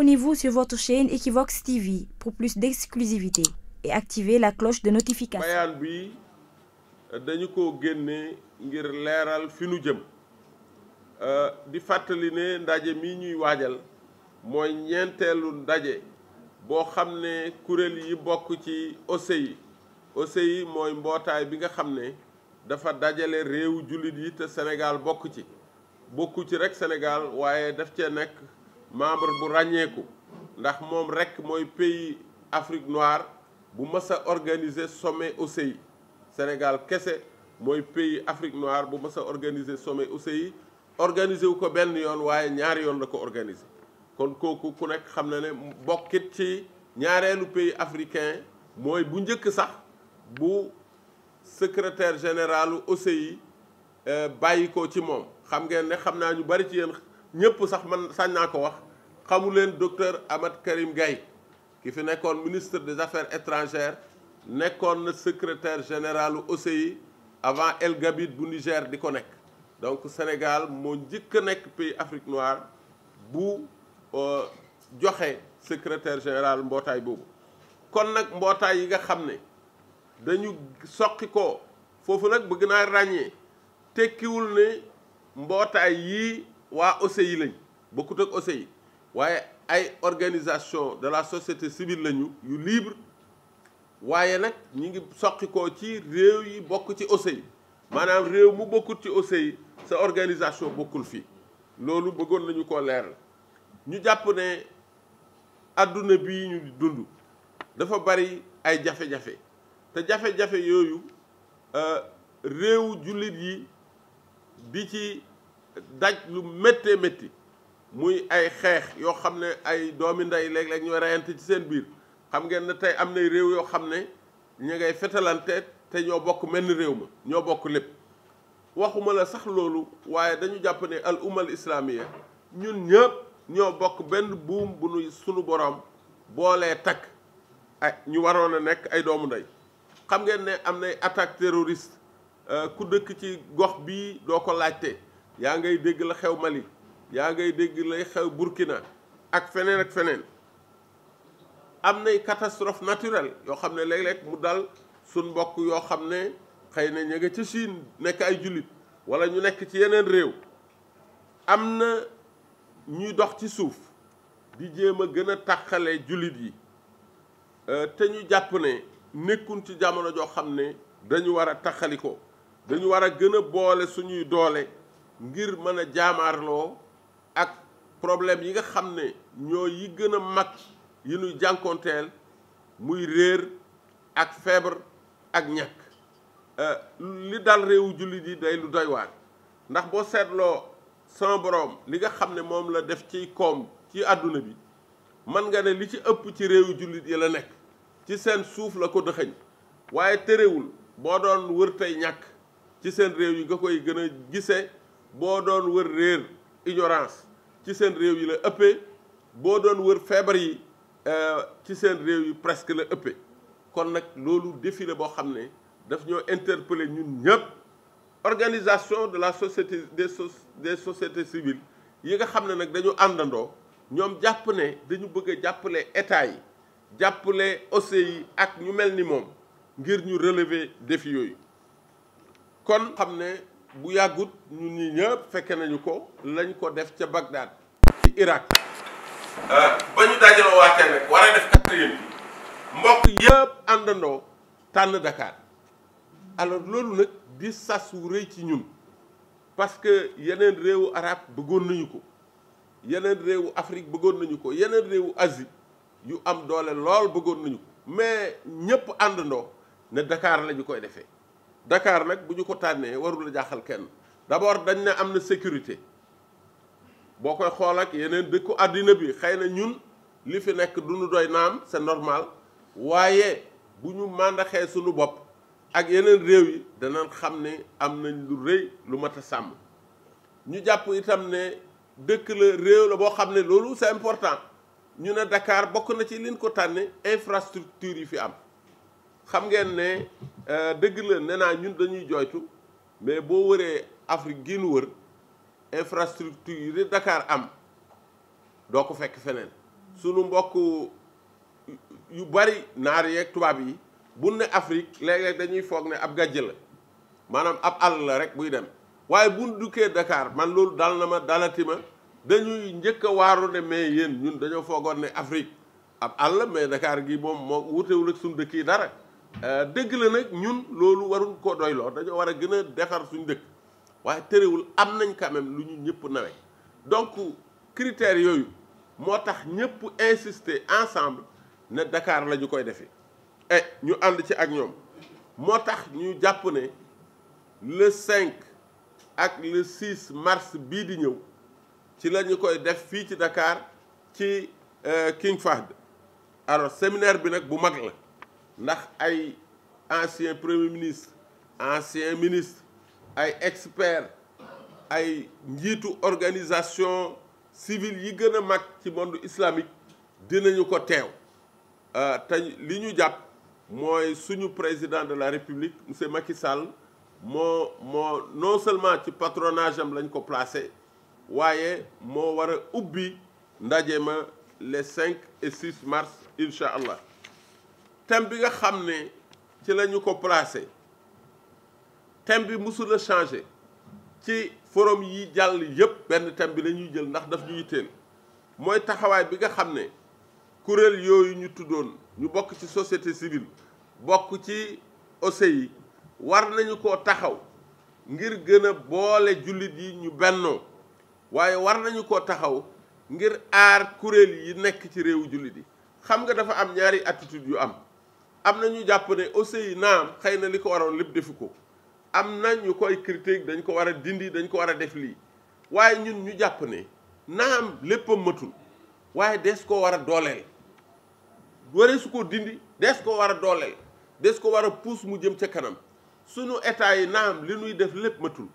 Abonnez-vous sur votre chaîne Equivox TV pour plus d'exclusivité et activez la bayaan bi dañu ko génne ngir leeral fi nu jëm euh, di fàttali ne ndaje mi ñuy waajal mooy ñeenteelu ndaje boo xam ne kuréel yi bokk ci OCI OCI mooy mbootaay bi nga xam ne dafa dajale réewu jullit yi te Sénégal bokk ci bokku ci rekk Sénégal waaye daf cee nekk. membre bu ràññeeku ndax moom rekk mooy pays Afrique noire bu mësa a organiser sommet OCI Sénégal kese mooy pays Afrique noire bu mësa a organiser sommet OCI organiser wu ko benn yoon waaye ñaari yoon la ko organiser kon kooku ku nekk xam na ne bokkit ci ñaareelu pays africain mooy bu njëkk sax bu secrétaire généralu OCI euh, bàyyi ko ci moom xam ngeen ne xam naa ñu bari ci yéen ñëpp sax man sañ naa ko wax xamu leen docteur Ahmed Karim Gaye ki fi nekkoon ministre des affaires étrangères nekkoon na secrétaire général u avant El Gabid bu Niger di ko nekk donc Sénégal moo njëkk a nekk pays Afrique noire bu euh, joxe secretaire général mbootaay boobu kon nag mbootaay yi nga xam ne dañu soqi ko foofu nag bëgg naa ràññee tekkiwul ne mbootaay yii waa OCI lañ bokkut ak OCI waaye ay organisation de la société civile lañu yu libre waaye nag ñi ngi soqikoo ci réew yi bokk ci OCI maanaam réew mu bokkut ci OCI sa organisation bokkul fii loolu bëggoon nañu ko leeral ñu jàpp ne àdduna bi ñu dund dafa bari ay jafe-jafe te jafe-jafe yooyu euh, réewu jullit yi bi ci daj lu méttee métti muy ay xeex yoo xam ne ay doomi ndey léeg-léeg ñooy reyante ci seen biir xam ngeen ne tey am na réew yoo xam ne ñu ngay fetalante te ñoo bokk menn réew ma ñoo bokk lépp waxuma la sax loolu waaye dañu jàpp ne al umal islamiya ñun ñëpp ñoo bokk benn buum bu nu sunu borom boolee takk ay ñu waroon a nekk ay doomu ndey xam ngeen ne am nay attaque terroriste euh, ku dëkk ci gox bii doo ko laajte yaa ngay dégg la xew Mali yaa ngay dégg lay xew Burkina ak feneen ak feneen am nay catastrophe naturelle yoo xam ne léeg-léeg mu dal suñ mbokk yoo xam ne xëy na ñu nga ca nekk ay jullit wala ñu nekk ci yeneen réew am na ñuy dox ci suuf di jéem a gën a tàqale jullit yi euh, te ñu jàpp ne nekkuñ ci jamono joo xam ne dañu war a tàqali ko dañu war a gën a boole suñuy doole ngir mën a jaamaarloo ak problème yi nga xam ne ñoo yi gën a mag yi ñuy jànkoonteel muy réer ak feebar ak ñàkk euh, li dal réewu jullit yi day lu doy ndax boo seetloo sama boroom li nga xam ne moom la def ci koom ci àdduna bi mën nga ne li ci ëpp ci réewu jullit yi la nekk ci seen suuf la ko dëxëñ waaye terewul boo doon wër tey ñàkk ci seen réew yi nga koy gën a gisee boo doon wër réer ignorance ci seen réew yi la ëppee boo doon wër feebar yi euh, ci seen réew yi presque la ëppee kon nag loolu défi boo xam ne daf ñoo interpeller ñun ñëpp organisation de la société des des sociétés civiles yi nga xam ne nag dañu àndandoo ñoom jàpp ne dañu bëgg a jàppale état yi jàppale OCI yi ak ñu mel ni moom ngir ñu relever défi yooyu kon xam ne bu yàggut ñu ñi ñëpp fekke nañu ko lañ ko def ca Bagdad ci Irak ah, ba ñu dajaloo waatee nag war def quatrième bi mbokk yëpp àndandoo tànn Dakar alors loolu nag di sas wu rëy ci ñun parce que yeneen réewu arab bëggoon nañu ko yeneen réewu Afrique bëggoon nañu ko yeneen réewu Asie yu am doole lool bëggoon nañu ko mais ñëpp àndandoo ne Dakar lañu koy defee Dakar nag bu ñu ko tànnee warul a jaaxal kenn d'abord dañ ne am na sécurité boo koy xool ak yeneen dëkku àddina bi xëy na ñun li fi nekk du ñu doy naam c'est normal waaye bu ñu màndaxee suñu bopp ak yeneen réew yi danañ xam ne am nañ lu rëy lu mat a sàmm ñu jàpp itam ne dëkk la réew la boo xam ne loolu c'est important ñu ne Dakar bokk na ci liñ ko tànne infrastructure yi fi am xam ngeen ne Euh, dëgg la nee naa ñun dañuy jooytu mais boo wëree Afrique gii nu wër infrastructure yi dakaar am doo ko fekk feneen sunu mbokk yu bari naar yeeg tubaab yi bu ne Afrique léeg-léeg dañuy foog ne ab gàjj la maanaam ab àll la rek buy dem waaye bu dukkee dakaar man loolu dal na ma dalati ma dañuy njëkk waaru ne mais yéen ñun dañoo foogoon ne Afrique ab àll mais Dakar gi moom moo wutewul ak suñu dëkk yi dara Euh, dëgg la nag ñun loolu warul ko doyloo dañoo war a gën a defar suñu dëkk waaye terewul am nañ quand lu ñu ñëpp nawe donc critères yooyu moo tax ñëpp insister ensemble ne Dakar la ñu koy defee e eh, ñu ànd ci ak ñoom moo tax ñu jàpp ne le 5 ak le 6 mars bii di ñëw ci la ñu koy def fii ci dakaar ci euh, King Fahd alors seminaire bi nag bu mag la ndax ay ancien premier ministre ancien ministre ay expert ay njiitu organisation civile yi gën a mag ci monde islamique dinañu ko teew euh, te li ñu jàpp mooy suñu président de la république monsieur Macky Sall moo moo non seulement ci patronagem am lañ ko placé waaye moo war a ubbi ndaje ma les 5 et 6 mars incha allah thème bi nga xam ne ci lañu ko placé thème bi musul a changé ci forum yi jàll yëpp benn thème bi lañuy jël ndax daf ñu yitteel mooy taxawaay bi nga xam ne kuréel yooyu ñu tuddoon ñu bokk ci société civile bokk ci yi war nañu ko taxaw ngir gën a boole jullit yi ñu bennoo waaye war nañu ko taxaw ngir aar kuréel yi nekk ci réewu jullit yi xam nga dafa am ñaari attitude yu am am na ñu jàpp ne OCI naam xëy na li ko waroon lépp defu ko am na ñu koy critique dañ ko war a dindi dañ ko war a def lii waaye ñun ñu jàpp ne naam lépp a waaye des ko war a dooleel waree su ko dindi des ko war a dooleel des ko war a puus mu jëm ca kanam sunu état yi naam li nuy def lépp matul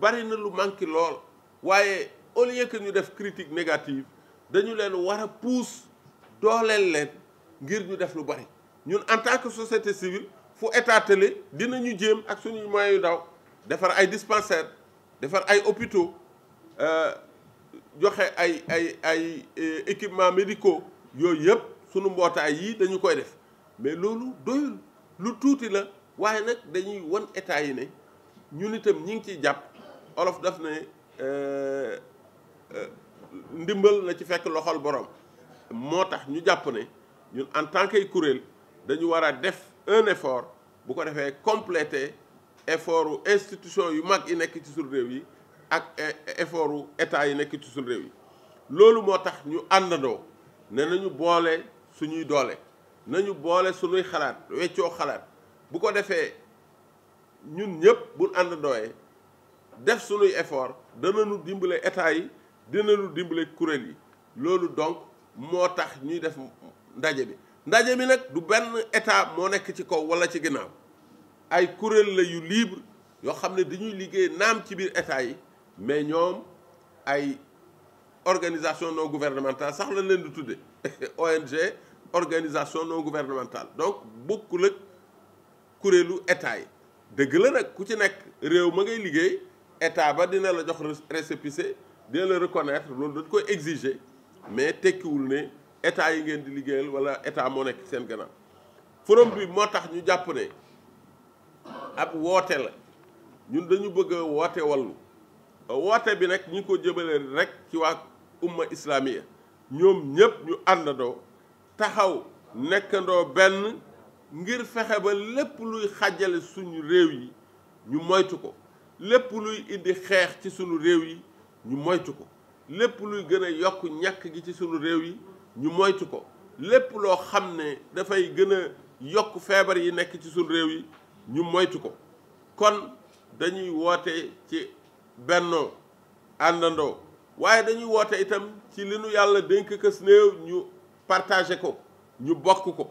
bari na lu manqué lool waaye au lieu que ñu def critique négative dañu leen war a puus dooleel leen ngir ñu def lu bari ñun en tant que société civile fu état télé dinañu jéem ak suñu moyens yu ndaw defar ay dispensaires defar ay hôpitaux euh, joxe ay ay ay euh, équipement médicaux yooyu yëpp sunu mbootaay yii dañu koy def mais loolu doyul lu tuuti la waaye nag dañuy wan état yi ne ñun itam ñi ngi ciy jàpp olof daf ne euh, ndimbal na ci fekk loxol borom moo tax ñu jàpp ne ñun en tant que kuréel. dañu war a def un effort bu ko defee compléter effort u institution yu mag yi nekk ci suñu réew yi ak e, effort u état yi nekk ci suñu réew yi loolu moo tax ñu àndandoo ne nañu boole suñuy doole nañu boole suñuy xalaat weccoo xalaat bu ko defee ñun ñëpp bu àndandooyee def suñuy effort danañu dimbale état yi dinañu dimbale kuréel yi loolu donc moo tax ñuy def ndaje bi ndaje mi nag du benn état moo nekk ci kaw wala ci ginnaaw ay kuréel la yu libre yoo xam ne dañuy liggéey naam ci biir état yi mais ñoom ay organisation non gouvernementale sax lañ leen du tudde ONG organisation non gouvernementale donc bokkul ak kuréelu état yi dëgg la nag ku ci nekk réew ma ngay liggéey état ba dina la jox récépissé dina la reconnaitre loolu dañ koy exiger mais tekkiwul ne état yi ngeen di liggéeyal wala état moo nekk seen gannaaw forum bi moo tax ñu jàpp ne ab woote la ñun dañu bëgg a woote wallu woote bi nag ñu ko jëmale rek ci waa umma islamiya ñoom ñëpp ñu àndandoo taxaw nekkandoo benn ngir fexe ba lépp luy xàjjale suñu réew yi ñu moytu ko lépp luy indi xeex ci suñu réew yi ñu moytu ko lépp luy gën a yokk ñàkk gi ci suñu réew yi ñu moytu ko lépp loo xam ne dafay gën a yokk feebar yi nekk ci suñu réew yi ñu moytu ko kon dañuy woote ci bennoo àndandoo waaye dañuy woote itam ci li nu yàlla dénk kës néew ñu partagé ko ñu bokk ko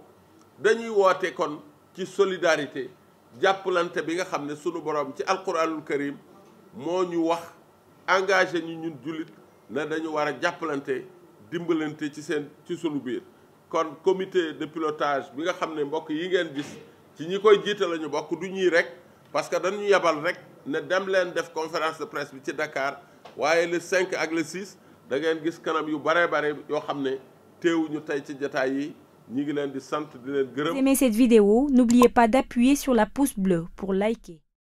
dañuy woote kon ci solidarité jàppalante bi nga xam ne sunu borom ci alquranul karim moo ñu wax engagé ñu ñun jullit na dañu war a jàppalante dimbalante ci seen ci sunu biir kon comité de pilotage bi nga xam ne mbokk yi ngeen gis ci ñi koy jiite la ñu bokk du ñuy rek parce que dañu yebal rek ne dem leen def conférence de presse bi ci Dakar waaye le 5 ak le 6 da ngeen gis kanam yu bare bare yoo xam ne teewuñu tey ci jataay yi ñi ngi leen di sant di leen gërëm. Si vous aimez cette vidéo, n'oubliez pas d'appuyer sur la pouce bleue pour liker.